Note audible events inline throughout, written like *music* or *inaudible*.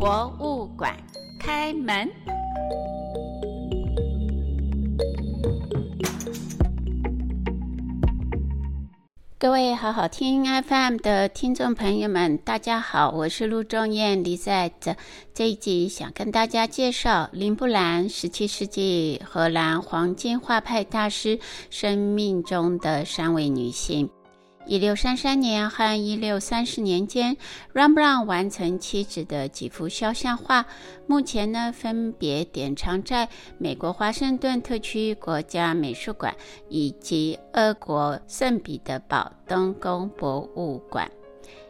博物館開門。各位好好聽 FM 的聽眾朋友們，大家好，我是陸仲燕 Lizette 這一集想跟大家介紹林布蘭，十七世紀荷蘭黃金畫派大師生命中的三位女性。一六三三年和一六三四年間，Rembrandt 完成妻子的幾幅肖像畫，目前呢分別典藏在美國華盛頓特區國家美術館以及俄國聖彼得堡冬宮博物館。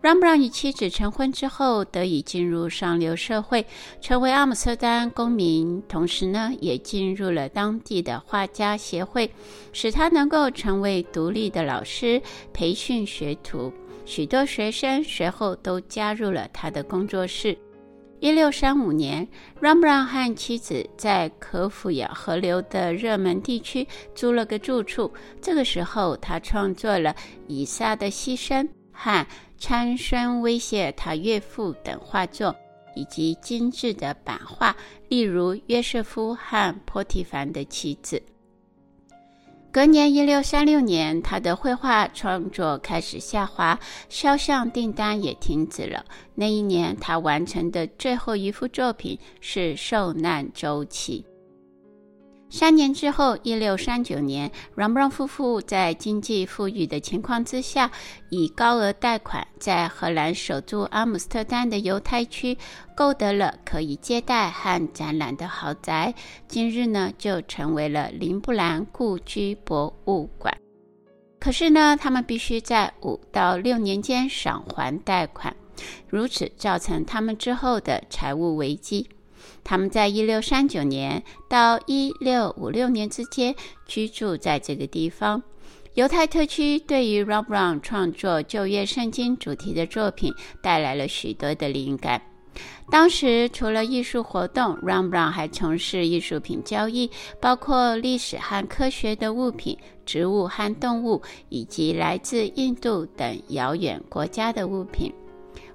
Rembrandt 與妻子成婚之後，得以進入上流社會，成為阿姆斯特丹公民，同時呢，也進入了當地的畫家協會，使他能夠成為獨立的老師，培訓學徒，許多學生隨後都加入了他的工作室。一六三五年 Rembrandt 和妻子在可俯瞰河流的熱門地區租了個住處，這個時候他創作了以《以撒的犧牲》。和參孫威脅他岳父等畫作，以及精緻的版畫，例如約瑟夫和波提乏的妻子。隔年，一六三六年，他的繪畫創作開始下滑，肖像訂單也停止了。那一年，他完成的最後一幅作品是《受難周期》。三年之後，一六三九年，Rembrandt 夫婦在經濟富裕的情況之下，以高額貸款在荷蘭首都阿姆斯特丹的猶太區購得了可以接待和展覽的豪宅。今日呢，就成為了林布蘭故居博物館。可是呢，他們必須在五到六年間償還貸款，如此造成他們之後的財務危機。他們在一六三九年到一六五六年之間居住在這個地方。猶太特區對於 Rembrandt 創作舊約聖經主題的作品帶來了許多的靈感。當時，除了藝術活動，Rembrandt 還從事藝術品交易，包括歷史和科學的物品、植物和動物，以及來自印度等遙遠國家的物品。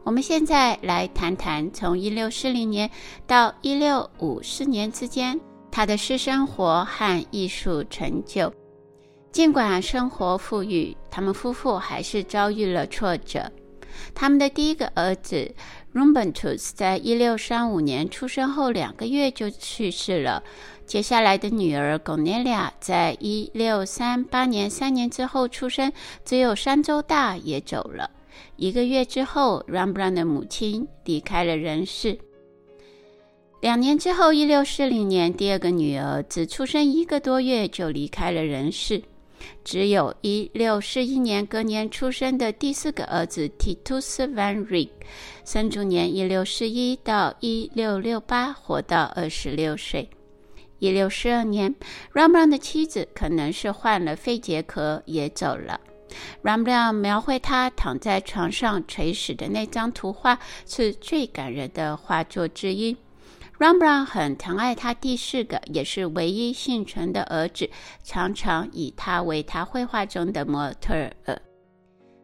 我們現在來談談從1640年到1654年之間他的私生活和藝術成就。儘管生活富裕，他們夫婦還是遭遇了挫折。他們的第一個兒子 Rumbartus 在一六三五年出生後兩個月就去世了。接下來的女兒 Cornelia 在一六三八年三年之後出生，只有三周大也走了。一個月之後，Rembrandt 的母親離開了人世。兩年之後，1640年，第二個女兒只出生一個多月就離開了人世。只有1641年隔年出生的第四個兒子 Titus van Rijn，生卒年1641到1668，活到二十六歲。1642年，Rembrandt 的妻子可能是患了肺結核，也走了。Rembrandt 描繪他躺在床上垂死的那張圖畫，是最感人的畫作之一。Rembrandt 很疼愛他第四個，也是唯一倖存的兒子，常常以他為他繪畫中的模特兒。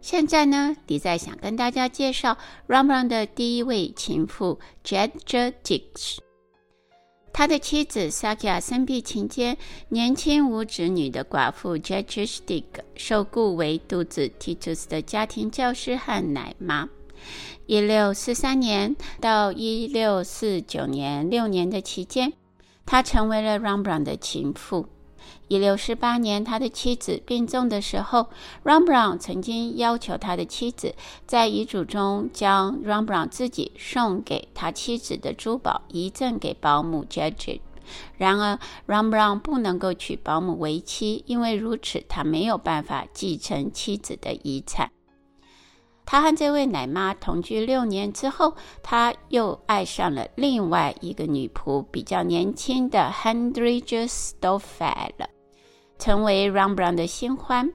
現在呢，迪在想跟大家介紹 Rembrandt 的第一位情婦，Geertje Dircx。 *noise* 他的妻子薩琪亞生病期間，年輕無子女的寡婦 Geertje Dircx 受僱為獨子 Titus 的家庭教師和奶媽。1643年到1649年六年的期間，她成為了 Rembrandt 的情婦。一六四八年，他的妻子病重的時候，Rembrandt 曾經要求他的妻子在遺囑中將 Rembrandt 自己送給他妻子的珠寶遺贈給保姆 Geertje。然而，Rembrandt 不能夠娶保姆為妻，因為如此他沒有辦法繼承妻子的遺產。他和這位奶媽同居六年之後，他又愛上了另外一個女僕，比較年輕的 Hendrickje Stoffels 成為 Rembrandt 的新歡。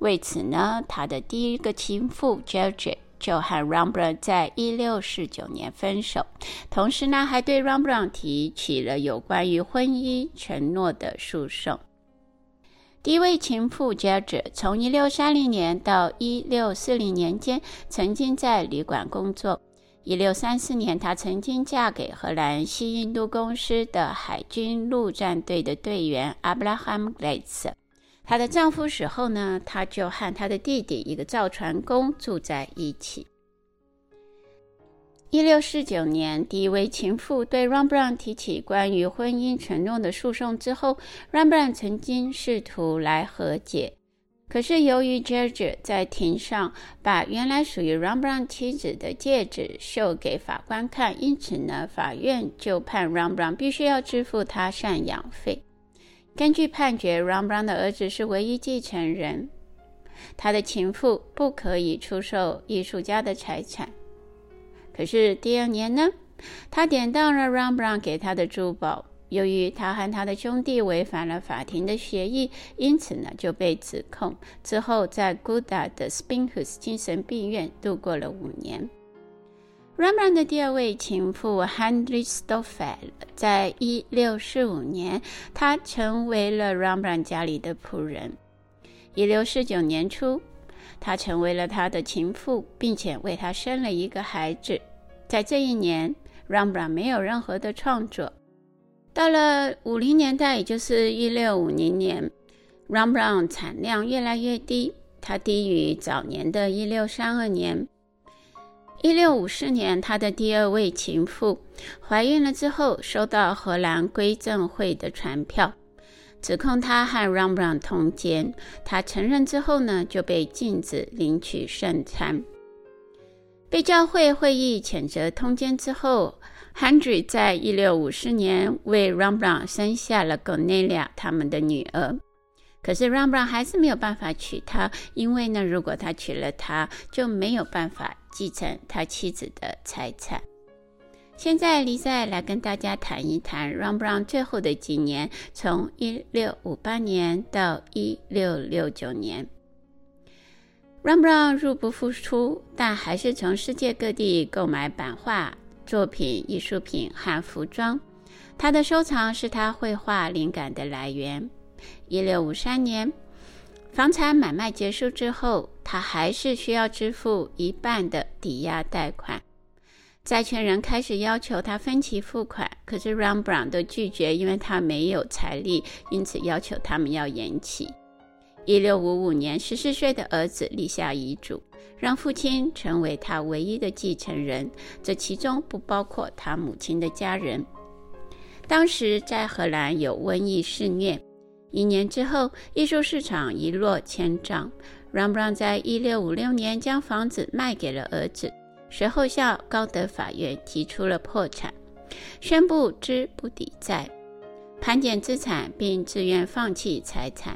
為此呢，他的第一個情婦 Geertje、er、就和 Rembrandt 在一六四九年分手，同時呢，還對 Rembrandt 提起了有關於婚姻承諾的訴訟。第一位情婦 j a 從1630年到1640年間曾經在旅館工作。1634年，她曾經嫁給荷蘭西印度公司的海軍陸戰隊的隊員 Abraham Glaz。她的丈夫死後呢，她就和她的弟弟，一個造船工住在一起。一六四九年，第一位情婦對 Rembrandt 提起關於婚姻承諾的訴訟之後，Rembrandt 曾經試圖來和解，可是由於 Geertje 在庭上把原來屬於 Rembrandt 妻子的戒指秀給法官看，因此呢，法院就判 Rembrandt 必須要支付他贍養費。根據判決，Rembrandt 的兒子是唯一繼承人，他的情婦不可以出售藝術家的財產。可是第二年呢，他典當了 Rembrandt 給他的珠寶。由於他和他的兄弟違反了法庭的協議，因此呢就被指控。之後在 Gouda 的 Spinhuis 精神病院度過了五年。Rembrandt 的第二位情婦 Henry Stoffels 在一六四五年，他成為了 Rembrandt 家裡的僕人。一六四九年初，他成為了他的情婦，並且為他生了一個孩子。在這一年 Rembrandt 沒有任何的創作。到了五零年代，也就是一六五零年，年 Rembrandt 產量越來越低，它低於早年的1632年、1654年。他的第二位情婦懷孕了之後，收到荷蘭歸正會的傳票。指控他和 Rembrandt 通姦，他承認之後呢，就被禁止領取聖餐。被教會會議譴責通姦之後，Hendrickje 在一六五四年為 Rembrandt 生下了 Cornelia 他們的女兒。可是 Rembrandt 還是沒有辦法娶她，因為呢，如果他娶了她，就沒有辦法繼承他妻子的財產。現在，李賽來跟大家談一談 Rembrandt 最後的幾年，從1658年到1669年 Rembrandt 入不敷出，但還是從世界各地購買版畫作品、藝術品和服裝。他的收藏是他繪畫靈感的來源。1653年，房產買賣結束之後，他還是需要支付一半的抵押貸款。債權人開始要求他分期付款，可是 Rembrandt 都拒絕，因為他沒有財力，因此要求他們要延期。一六五五年，十四歲的兒子立下遺囑，讓父親成為他唯一的繼承人，這其中不包括他母親的家人。當時在荷蘭有瘟疫肆虐，一年之後，藝術市場一落千丈。Rembrandt 在一六五六年將房子賣給了兒子。隨後向高等法院提出了破產，宣布資不抵債，盤點資產，並自願放棄財產。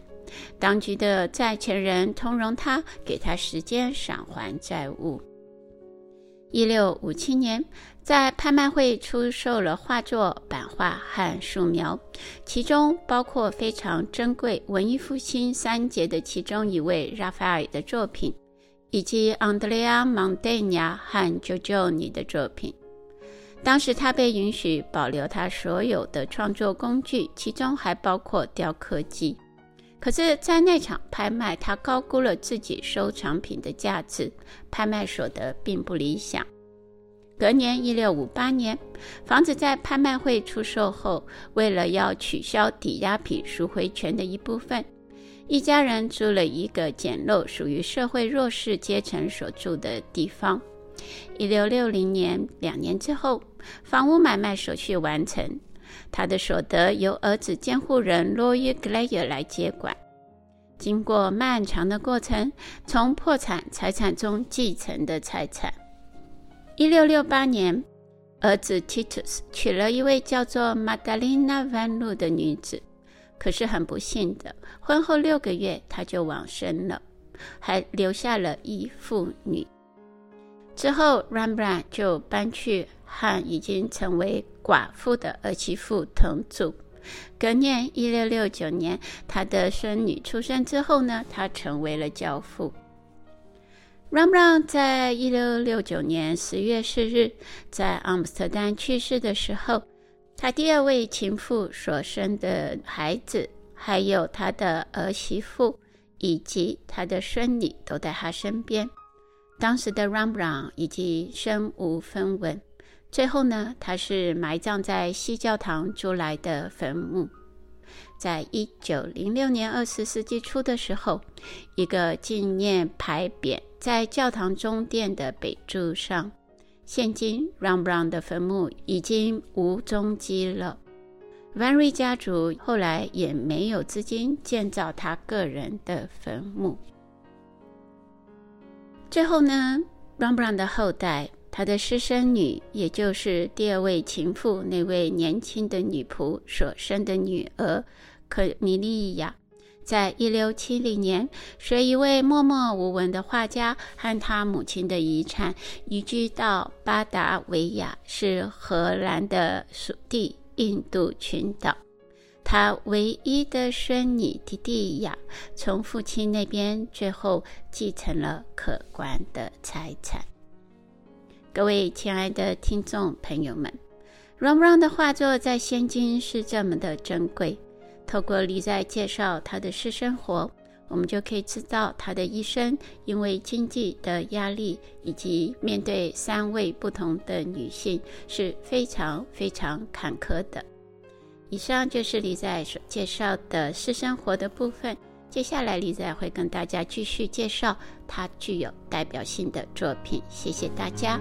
當局的債權人通融他，給他時間償還債務。一六五七年，在拍賣會出售了畫作、版畫和素描，其中包括非常珍貴文藝復興三傑的其中一位拉斐爾的作品。以及安德烈亞·蒙德尼亞和喬喬尼的作品。當時他被允許保留他所有的創作工具，其中還包括雕刻機。可是，在那場拍賣，他高估了自己收藏品的價值，拍賣所得並不理想。隔年，一六五八年，房子在拍賣會出售後，為了要取消抵押品贖回權的一部分。一家人住了一個簡陋、屬於社會弱勢階層所住的地方。一六六零年，兩年之後，房屋買賣手續完成，他的所得由兒子監護人羅伊格雷爾來接管。經過漫長的過程，從破產財產中繼承的財產。一六六八年，兒子提圖斯娶了一位叫做馬德琳娜·萬路的女子。可是很不幸的，婚後六個月他就往生了，還留下了一婦女。之後 Rembrandt 就搬去和已經成為寡婦的兒媳婦同住。隔年，一六六九年，他的孫女出生之後呢，他成為了教父。Rembrandt 在一六六九年十月四日在阿姆斯特丹去世的時候，他第二位情婦所生的孩子，還有他的兒媳婦以及他的孫女都在他身邊。當時的 Rembrandt 已經身無分文，最後呢，他是埋葬在西教堂租來的墳墓。在一九零六年二十世紀初的時候，一個紀念牌匾在教堂中殿的北柱上。現今 Rembrandt 的墳墓已經無蹤迹了。van Rijn 家族後來也沒有資金建造他個人的墳墓。最後呢 Rembrandt 的後代，他的私生女，也就是第二位情婦那位年輕的女僕所生的女兒，Cornelia。在一六七零年，隨一位默默無聞的畫家和他母親的遺產移居到巴達維亞，是荷蘭的屬地印度群島。他唯一的孫女迪迪亞從父親那邊最後繼承了可觀的財產。各位親愛的聽眾朋友們，Rembrandt 的畫作在現今是這麼的珍貴。透過李在介紹他的私生活，我們就可以知道他的一生，因為經濟的壓力以及面對三位不同的女性，是非常非常坎坷的。以上就是李在介紹的私生活的部分，接下來李在會跟大家繼續介紹他具有代表性的作品。謝謝大家。